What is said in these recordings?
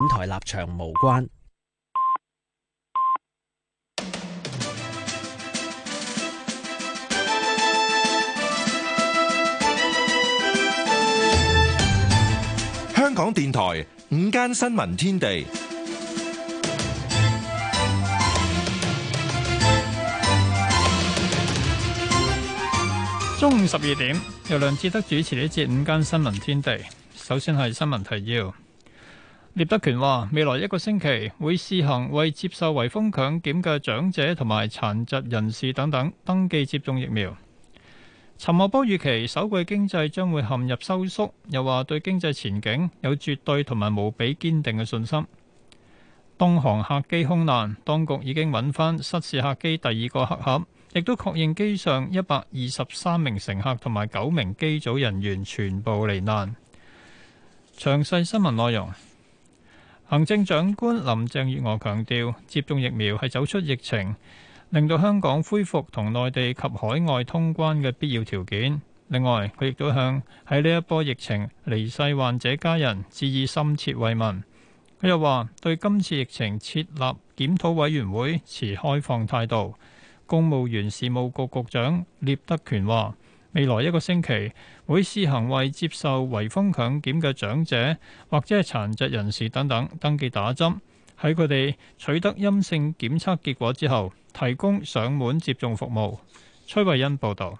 本台立場無關。香港電台午間新聞天地，中午十二點由梁志德主持呢一節午間新聞天地。首先係新聞提要。聶德權話，未來一個星期會試行為接受圍封強檢嘅長者同埋殘疾人士等等登記接種疫苗。陳茂波預期首季經濟將會陷入收縮，又話對經濟前景有絕對同埋無比堅定嘅信心。東航客機空難，當局已經揾返失事客機第二個黑盒，亦都確認機上一百二十三名乘客同埋九名機組人員全部罹難。詳細新聞內容。行政長官林鄭月娥強調，接種疫苗係走出疫情，令到香港恢復同內地及海外通關嘅必要條件。另外，佢亦都向喺呢一波疫情離世患者家人致以深切慰問。佢又話對今次疫情設立檢討委員會持開放態度。公務員事務局局長聶德權話。未來一個星期會試行為接受圍封強檢嘅長者或者係殘疾人士等等登記打針，喺佢哋取得陰性檢測結果之後，提供上門接種服務。崔慧欣報導。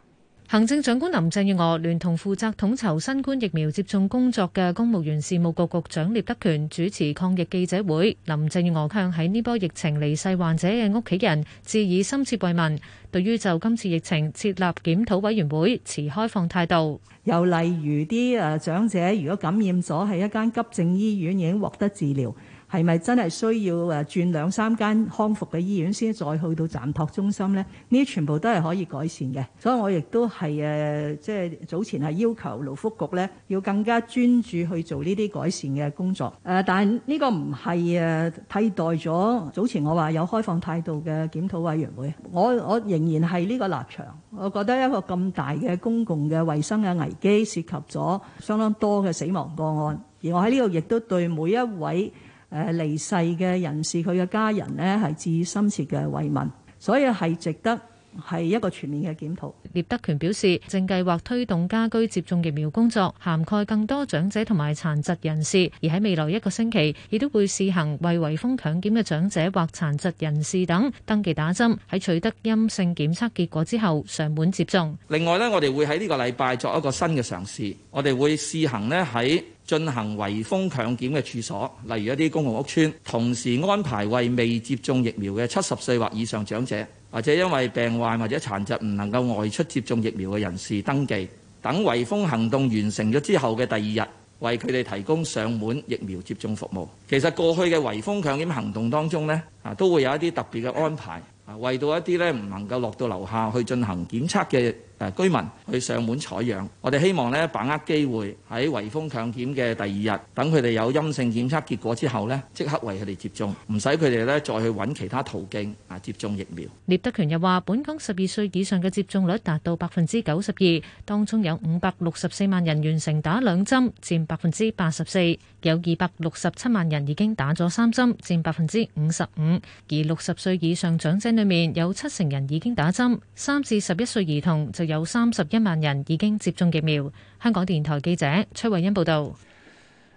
行政長官林鄭月娥聯同負責統籌新冠疫苗接種工作嘅公務員事務局局長聶德權主持抗疫記者會，林鄭月娥向喺呢波疫情離世患者嘅屋企人致以深切慰問，對於就今次疫情設立檢討委員會持開放態度。又例如啲誒、呃、長者，如果感染咗喺一間急症醫院已經獲得治療。係咪真係需要誒轉兩三間康復嘅醫院先再去到暫託中心呢？呢啲全部都係可以改善嘅，所以我亦都係誒，即、呃、係早前係要求勞福局呢要更加專注去做呢啲改善嘅工作。誒、呃，但係呢個唔係誒替代咗早前我話有開放態度嘅檢討委員會。我我仍然係呢個立場。我覺得一個咁大嘅公共嘅衞生嘅危機涉及咗相當多嘅死亡個案，而我喺呢度亦都對每一位。誒離世嘅人士，佢嘅家人咧係致以深切嘅慰問，所以係值得。係一個全面嘅檢討。聶德權表示，正計劃推動家居接種疫苗工作，涵蓋更多長者同埋殘疾人士。而喺未來一個星期，亦都會試行為圍封強檢嘅長者或殘疾人士等登記打針。喺取得陰性檢測結果之後，上門接種。另外呢，我哋會喺呢個禮拜作一個新嘅嘗試，我哋會試行呢喺進行圍封強檢嘅處所，例如一啲公共屋邨，同時安排為未接種疫苗嘅七十歲或以上長者。或者因為病患或者殘疾唔能夠外出接種疫苗嘅人士登記，等圍封行動完成咗之後嘅第二日，為佢哋提供上門疫苗接種服務。其實過去嘅圍封強檢行動當中呢，啊都會有一啲特別嘅安排，啊為到一啲呢唔能夠落到樓下去進行檢測嘅居民去上門採樣，我哋希望咧把握機會喺圍封強檢嘅第二日，等佢哋有陰性檢測結果之後咧，即刻為佢哋接種，唔使佢哋咧再去揾其他途徑啊接種疫苗。聶德權又話，本港十二歲以上嘅接種率達到百分之九十二，當中有五百六十四萬人完成打兩針，佔百分之八十四；有二百六十七萬人已經打咗三針，佔百分之五十五。而六十歲以上長者裏面有七成人已經打針，三至十一歲兒童就有三十一萬人已經接種疫苗。香港電台記者崔慧欣報道。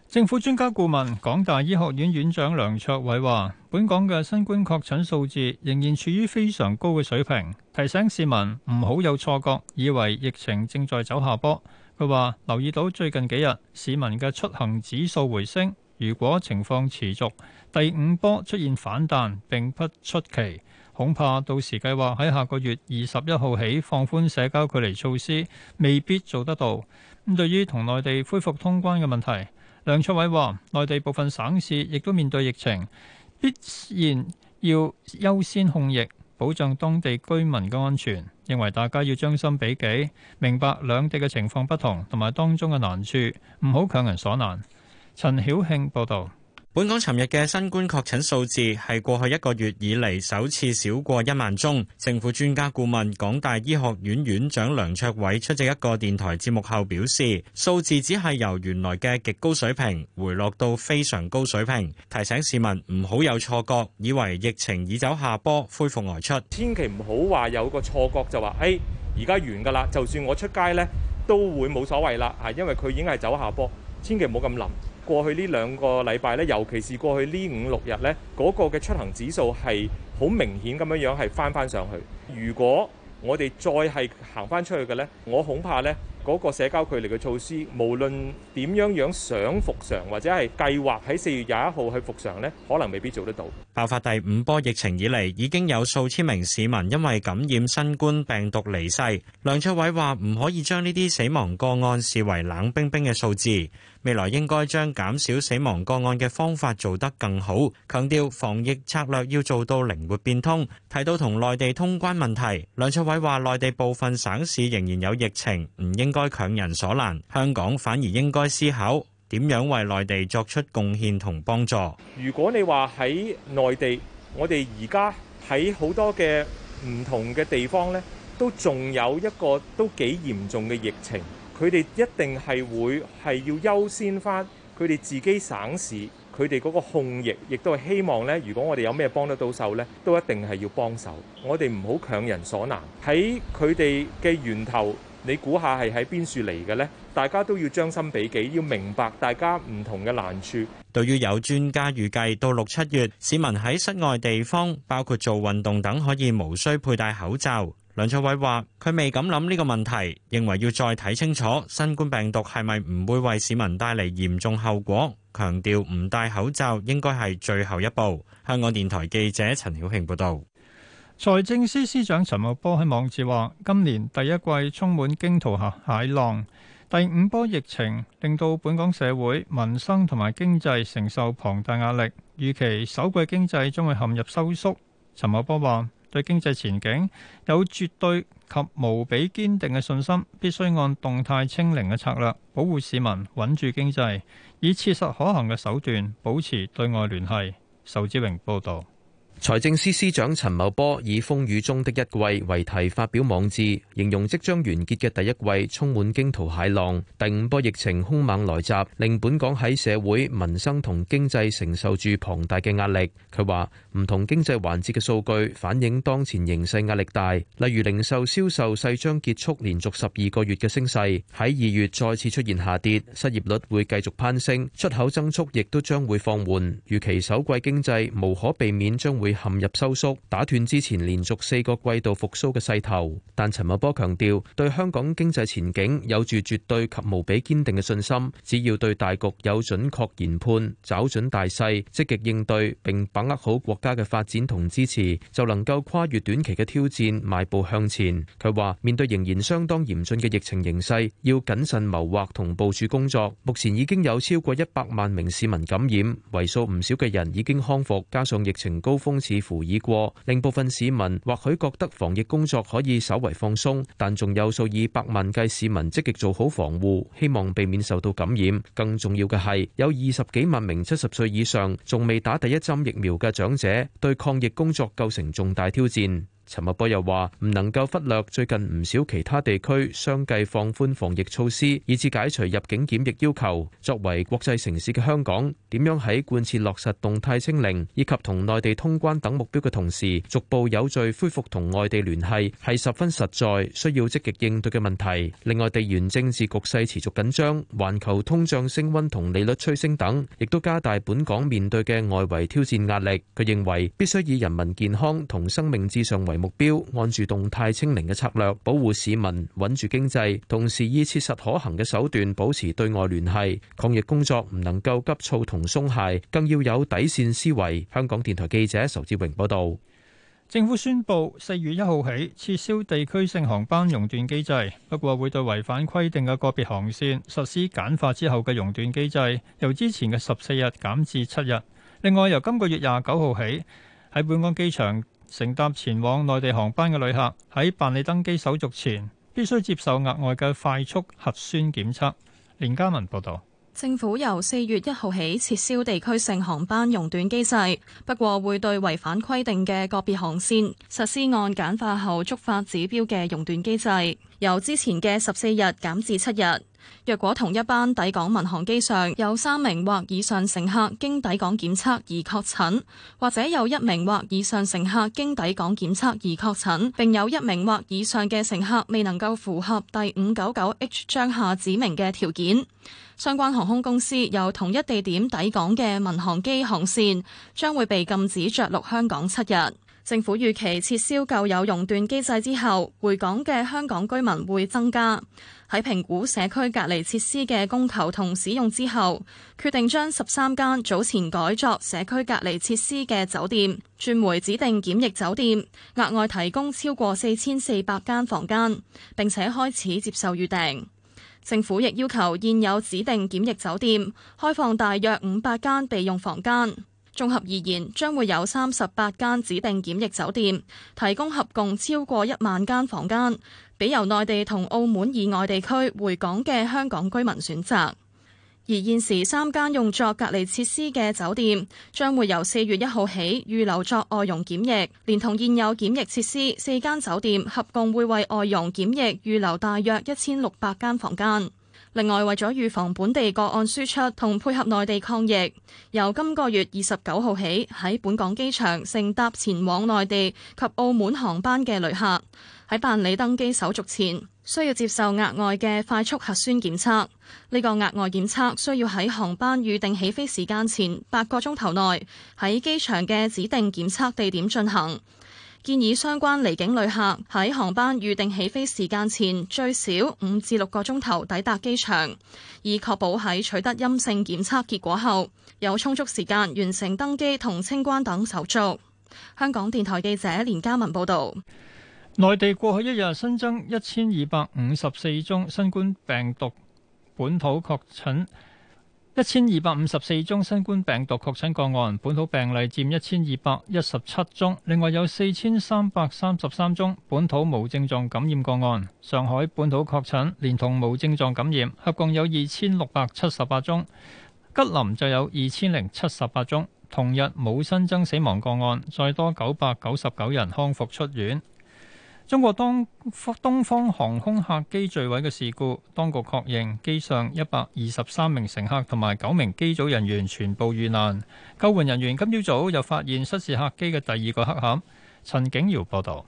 政府專家顧問港大醫學院院長梁卓偉話，本港嘅新冠確診數字仍然處於非常高嘅水平，提醒市民唔好有錯覺，以為疫情正在走下坡。佢話留意到最近幾日市民嘅出行指數回升，如果情況持續，第五波出現反彈並不出奇。恐怕到時計劃喺下個月二十一號起放寬社交距離措施，未必做得到。咁對於同內地恢復通關嘅問題，梁卓偉話：內地部分省市亦都面對疫情，必然要優先控疫，保障當地居民嘅安全。認為大家要將心比己，明白兩地嘅情況不同同埋當中嘅難處，唔好強人所難。陳曉慶報導。本港尋日嘅新冠確診數字係過去一個月以嚟首次少過一萬宗。政府專家顧問、港大醫學院院長梁卓偉出席一個電台節目後表示，數字只係由原來嘅極高水平回落到非常高水平，提醒市民唔好有錯覺，以為疫情已走下坡，恢復外、呃、出。千祈唔好話有個錯覺就話，哎，而家完㗎啦，就算我出街呢，都會冇所謂啦，啊，因為佢已經係走下坡，千祈唔好咁諗。過去呢兩個禮拜咧，尤其是過去呢五六日呢嗰，那個嘅出行指數係好明顯咁樣樣係翻翻上去。如果我哋再係行翻出去嘅呢，我恐怕呢嗰，那個社交距離嘅措施，無論點樣樣想復常，或者係計劃喺四月廿一號去復常呢，可能未必做得到。爆發第五波疫情以嚟，已經有數千名市民因為感染新冠病毒離世。梁卓偉話：唔可以將呢啲死亡個案視為冷冰冰嘅數字。未來應該將減少死亡個案嘅方法做得更好，強調防疫策略要做到靈活變通。提到同內地通關問題，梁卓偉話：內地部分省市仍然有疫情，唔應該強人所難。香港反而應該思考點樣為內地作出貢獻同幫助。如果你話喺內地，我哋而家喺好多嘅唔同嘅地方呢，都仲有一個都幾嚴重嘅疫情。佢哋一定係會係要優先翻佢哋自己省市，佢哋嗰個控疫，亦都係希望咧。如果我哋有咩幫得到手咧，都一定係要幫手。我哋唔好強人所難。喺佢哋嘅源頭，你估下係喺邊處嚟嘅咧？大家都要將心比己，要明白大家唔同嘅難處。對於有專家預計到六七月，市民喺室外地方，包括做運動等，可以無需佩戴口罩。梁卓偉話：佢未敢諗呢個問題，認為要再睇清楚新冠病毒係咪唔會為市民帶嚟嚴重後果。強調唔戴口罩應該係最後一步。香港電台記者陳曉慶報道。財政司司，司長陳茂波喺網誌話：今年第一季充滿驚濤駭浪，第五波疫情令到本港社會民生同埋經濟承受龐大壓力，預期首季經濟將會陷入收縮。陳茂波話，對經濟前景有絕對及無比堅定嘅信心，必須按動態清零嘅策略保護市民，穩住經濟，以切實可行嘅手段保持對外聯繫。仇志榮報導。財政司司長陳茂波以《風雨中的一季》為題發表網誌，形容即將完結嘅第一季充滿驚濤駭浪，第五波疫情兇猛來襲，令本港喺社會、民生同經濟承受住龐大嘅壓力。佢話唔同經濟環節嘅數據反映當前形勢壓力大，例如零售銷售勢將結束連續十二個月嘅升勢，喺二月再次出現下跌，失業率會繼續攀升，出口增速亦都將會放緩。預期首季經濟無可避免將會陷入收縮，打斷之前連續四個季度復蘇嘅勢頭，但陳茂波強調對香港經濟前景有住絕對及無比堅定嘅信心。只要對大局有準確研判，找準大勢，積極應對並把握好國家嘅發展同支持，就能夠跨越短期嘅挑戰，邁步向前。佢話，面對仍然相當嚴峻嘅疫情形勢，要謹慎謀劃同部署工作。目前已經有超過一百萬名市民感染，為數唔少嘅人已經康復，加上疫情高峰似乎已過，令部分市民或許覺得防疫工作可以稍為放鬆，但仲有數以百萬計市民積極做好防護，希望避免受到感染。更重要嘅係，有二十幾萬名七十歲以上仲未打第一針疫苗嘅長者，對抗疫工作構成重大挑戰。陳茂波又話：唔能夠忽略最近唔少其他地區相繼放寬防疫措施，以致解除入境檢疫要求。作為國際城市嘅香港，點樣喺貫徹落實動態清零以及同內地通關等目標嘅同時，逐步有序恢復同外地聯繫，係十分實在需要積極應對嘅問題。另外，地緣政治局勢持續緊張，環球通脹升溫同利率趨升等，亦都加大本港面對嘅外圍挑戰壓力。佢認為，必須以人民健康同生命至上為為目標按住動態清零嘅策略，保護市民，穩住經濟，同時以切實可行嘅手段保持對外聯繫。抗疫工作唔能夠急躁同鬆懈，更要有底線思維。香港電台記者仇志榮報道。政府宣布四月一號起撤銷地區性航班熔斷機制，不過會對違反規定嘅個別航線實施簡化之後嘅熔斷機制，由之前嘅十四日減至七日。另外，由今個月廿九號起喺本港機場。乘搭前往內地航班嘅旅客喺辦理登機手續前，必須接受額外嘅快速核酸檢測。連家文報道，政府由四月一號起撤銷地區性航班熔斷機制，不過會對違反規定嘅個別航線實施按簡化後觸發指標嘅熔斷機制，由之前嘅十四日減至七日。若果同一班抵港民航機上有三名或以上乘客經抵港檢測而確診，或者有一名或以上乘客經抵港檢測而確診，並有一名或以上嘅乘客未能夠符合第五九九 H 章下指明嘅條件，相關航空公司由同一地點抵港嘅民航機航線將會被禁止着陸香港七日。政府預期撤銷舊有熔斷機制之後，回港嘅香港居民會增加。喺評估社區隔離設施嘅供求同使用之後，決定將十三間早前改作社區隔離設施嘅酒店轉回指定檢疫酒店，額外提供超過四千四百間房間，並且開始接受預訂。政府亦要求現有指定檢疫酒店開放大約五百間備用房間。綜合而言，將會有三十八間指定檢疫酒店提供合共超過一萬間房間，俾由內地同澳門以外地區回港嘅香港居民選擇。而現時三間用作隔離設施嘅酒店，將會由四月一號起預留作外傭檢疫，連同現有檢疫設施四間酒店，合共會為外傭檢疫預留大約一千六百間房間。另外，為咗預防本地個案輸出同配合內地抗疫，由今個月二十九號起，喺本港機場乘搭前往內地及澳門航班嘅旅客，喺辦理登機手續前，需要接受額外嘅快速核酸檢測。呢個額外檢測需要喺航班預定起飛時間前八個鐘頭內喺機場嘅指定檢測地點進行。建議相關離境旅客喺航班預定起飛時間前最少五至六個鐘頭抵達機場，以確保喺取得陰性檢測結果後，有充足時間完成登機同清關等手續。香港電台記者連嘉文報導，內地過去一日新增一千二百五十四宗新冠病毒本土確診。一千二百五十四宗新冠病毒確診個案，本土病例佔一千二百一十七宗，另外有四千三百三十三宗本土無症狀感染個案。上海本土確診連同無症狀感染，合共有二千六百七十八宗。吉林就有二千零七十八宗。同日冇新增死亡個案，再多九百九十九人康復出院。中國東方航空客機墜毀嘅事故，當局確認機上一百二十三名乘客同埋九名機組人員全部遇難。救援人員今朝早又發現失事客機嘅第二個黑盒，陳景堯報道。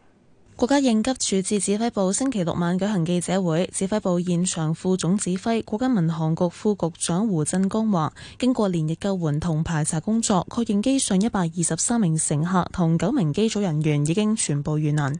國家應急處置指揮部星期六晚舉行記者會，指揮部現場副總指揮、國家民航局副局長胡振江話：經過連日救援同排查工作，確認機上一百二十三名乘客同九名機組人員已經全部遇難。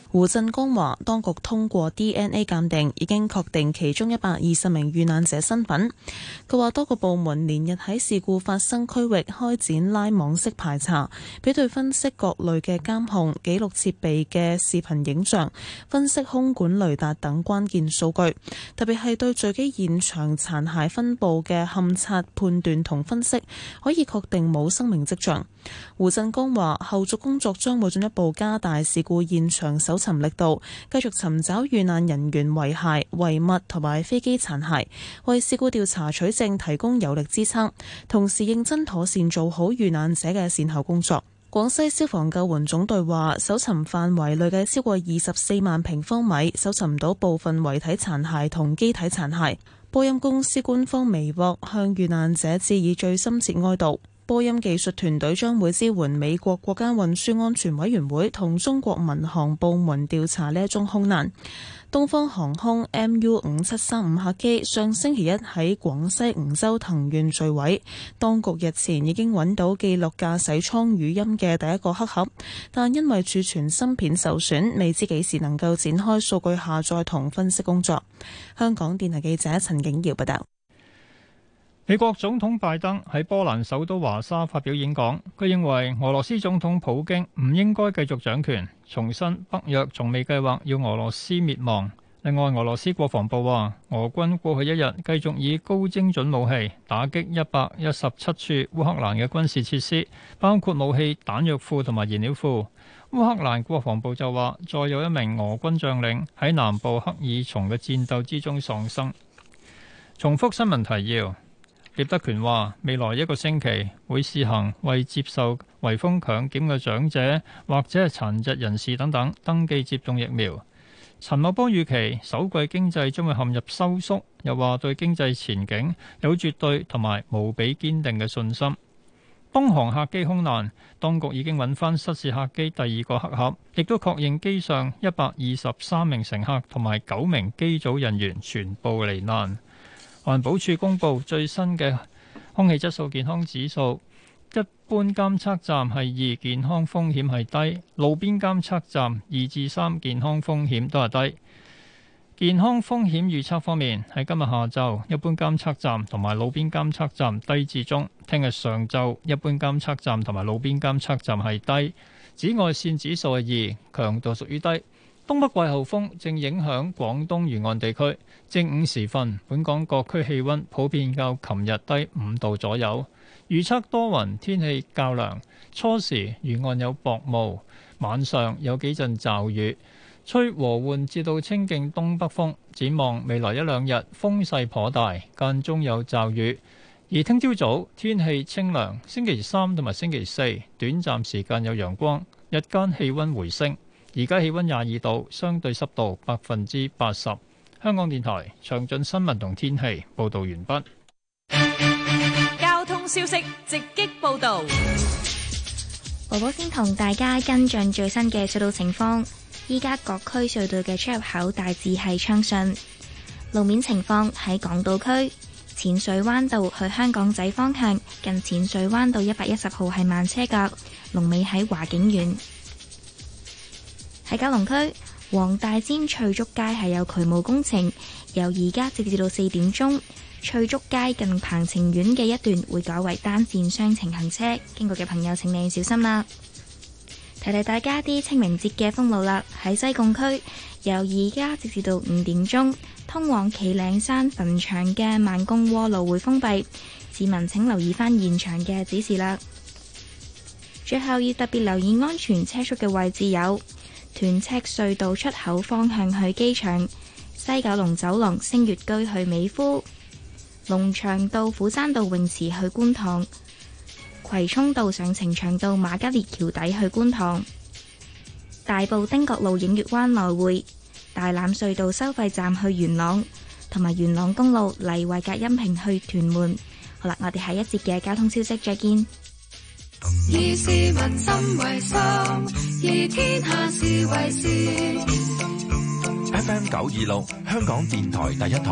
胡振光話當局通過 DNA 鑑定已經確定其中一百二十名遇難者身份。佢話多個部門連日喺事故發生區域開展拉網式排查，比對分析各類嘅監控記錄設備嘅視頻影像，分析空管雷達等關鍵數據，特別係對墜機現場殘骸分佈嘅勘察判斷同分析，可以確定冇生命跡象。胡振光話後續工作將會進一步加大事故現場搜。尋力度，繼續尋找遇難人員遺骸、遺物同埋飛機殘骸，為事故調查取證提供有力支撐。同時認真妥善做好遇難者嘅善後工作。廣西消防救援總隊話，搜尋範圍內嘅超過二十四萬平方米，搜尋唔到部分遺體殘骸同機體殘骸。波音公司官方微博向遇難者致以最深切哀悼。波音技術團隊將會支援美國國家運輸安全委員會同中國民航部門調查呢一宗空難。東方航空 MU 五七三五客機上星期一喺廣西梧州藤縣墜毀，當局日前已經揾到記錄駕駛艙語音嘅第一個黑盒，但因為儲存芯片受損，未知幾時能夠展開數據下載同分析工作。香港電台記者陳景堯報道。美國總統拜登喺波蘭首都華沙發表演講，佢認為俄羅斯總統普京唔應該繼續掌權。重申北約仲未計劃要俄羅斯滅亡。另外，俄羅斯國防部話俄軍過去一日繼續以高精準武器打擊一百一十七處烏克蘭嘅軍事設施，包括武器彈藥庫同埋燃料庫。烏克蘭國防部就話再有一名俄軍將領喺南部赫爾松嘅戰鬥之中喪生。重複新聞提要。聶德權話：未來一個星期會試行為接受圍封強檢嘅長者或者係殘疾人士等等登記接種疫苗。陳茂波預期首季經濟將會陷入收縮，又話對經濟前景有絕對同埋無比堅定嘅信心。東航客機空難，當局已經揾翻失事客機第二個黑盒，亦都確認機上一百二十三名乘客同埋九名機組人員全部罹難。環保署公布最新嘅空氣質素健康指數，一般監測站係二，健康風險係低；路邊監測站二至三，健康風險都係低。健康風險預測方面，喺今日下晝，一般監測站同埋路邊監測站低至中；聽日上晝，一般監測站同埋路邊監測站係低。紫外線指數係二，強度屬於低。東北季候風正影響廣東沿岸地區，正午時分，本港各區氣溫普遍較琴日低五度左右。預測多雲，天氣較涼，初時沿岸有薄霧，晚上有幾陣驟雨，吹和緩至到清勁東北風。展望未來一兩日風勢頗大，間中有驟雨。而聽朝早天氣清涼，星期三同埋星期四短暫時間有陽光，日間氣溫回升。而家氣溫廿二度，相對濕度百分之八十。香港電台詳盡新聞同天氣報導完畢。交通消息直擊報導，我先同大家跟進最新嘅隧道情況。依家各區隧道嘅出入口大致係暢順。路面情況喺港島區淺水灣道去香港仔方向，近淺水灣道一百一十號係慢車架，龍尾喺華景苑。喺九龍區黃大仙翠竹街係有渠務工程，由而家直至到四點鐘，翠竹街近鵬程苑嘅一段會改為單綫雙程行車，經過嘅朋友請你小心啦。提提大家啲清明節嘅封路啦，喺西貢區由而家直至到五點鐘，通往企嶺山墳場嘅慢工窩路會封閉，市民請留意返現場嘅指示啦。最後要特別留意安全車速嘅位置有。屯赤隧道出口方向去機場，西九龍走廊星月居去美孚，龍翔道虎山道泳池去觀塘，葵涌道上呈祥道瑪嘉烈橋底去觀塘，大埔汀角路映月灣來回，大欖隧道收費站去元朗，同埋元朗公路黎惠隔音屏去屯門。好啦，我哋下一節嘅交通消息再見。FM 九二六，香港電台第一台。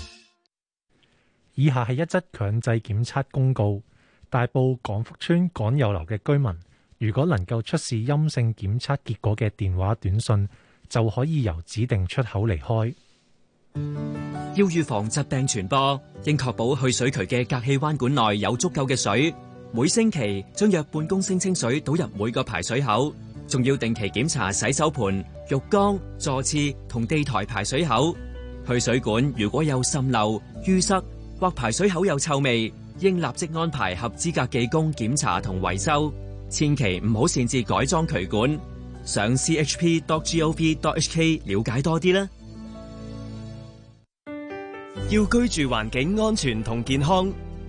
以下係一則強制檢測公告：大埔港福村港友樓嘅居民，如果能夠出示陰性檢測結果嘅電話短信，就可以由指定出口離開。要預防疾病傳播，應確保去水渠嘅隔氣彎管內有足夠嘅水。每星期將約半公升清水倒入每個排水口，仲要定期檢查洗手盆、浴缸、座廁同地台排水口。去水管如果有滲漏、淤塞或排水口有臭味，應立即安排合資格技工檢查同維修。千祈唔好擅自改裝渠管。上 c h p d o g o v d h kchp.gov.hk 了解多啲啦。要居住環境安全同健康。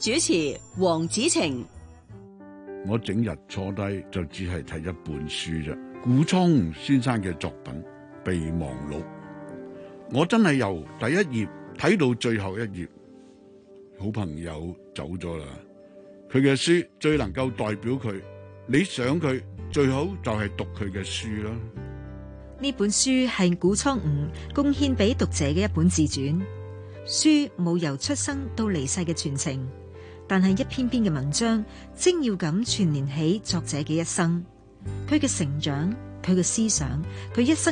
主持黃子晴，我整日坐低就只係睇一本書啫。古蒼梧先生嘅作品《備忘錄》，我真係由第一頁睇到最後一頁。好朋友走咗啦，佢嘅書最能夠代表佢。你想佢最好就係讀佢嘅書啦。呢本書係古蒼梧貢獻俾讀者嘅一本自傳書，冇由出生到離世嘅全程。但係一篇篇嘅文章，精要咁串聯起作者嘅一生，佢嘅成長，佢嘅思想，佢一生。